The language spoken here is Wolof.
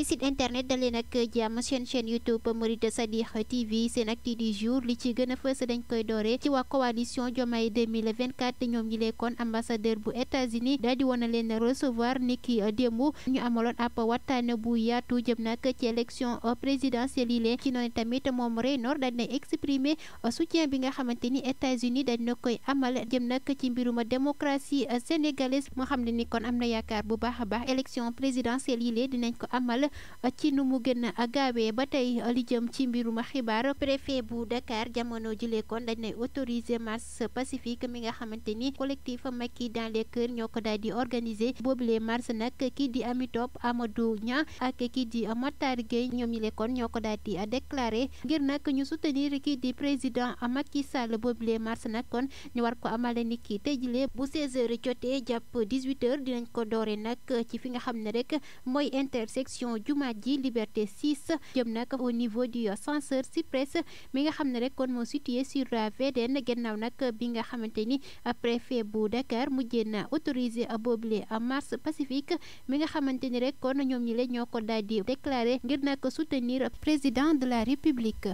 di internet dalee nag jàmm seen chaîne youtube Mouride Sadikh TV SENactu du jour li ci gën a fës dañ koy dooree ci waa coalition Diomaye 2024 ñoom ñi lekkoon ambassadeur bu États-Unis daal di na leen recevoir ni ki ñu eh, amaloon ab waxtaan bu yaatu jëm nag ci élection eh, présidentielle yi ci noonu tamit moom Raynor daal dina exprimer eh, soutien bi nga xamante ni États-Unis daal dina koy amal jëm nag ci mbiruma démocratie sénégalaise moo a ci nu mu gën a gaawee ba tey li jëm ci mbirum xibaar préfet bu Dakar jamono jëlee kon dañ lay autoriser marche pacifique mi nga xamante ni collectif Macky dans les cœurs ñoo ko daal di organiser boobule marche nag kii di Ami Top Amadou ak kii di Matar Gueye ñoom ñi lekkoon ñoo ko daal di déclaré ngir nag ñu soutenir kii di président Macky Sall boobule marche nag kon ñu war ko amal ni ki tey jile bu 16h jotee jàpp 18h dinañ ko doore nag ci fi nga xam ne rek mooy intersection jumaat ji liberté 6 jëm nag au niveau du censeur Cyprès mi nga xam ne rek kon moo situé sur VDN gannaaw nag bi nga xamante ni préfet bu Dakar mujjee na autorisé boobule marche pacifique mi nga xamante ni rek kon ñoom ñi la ñoo ko daal di déclaré ngir nag soutenir président de la République.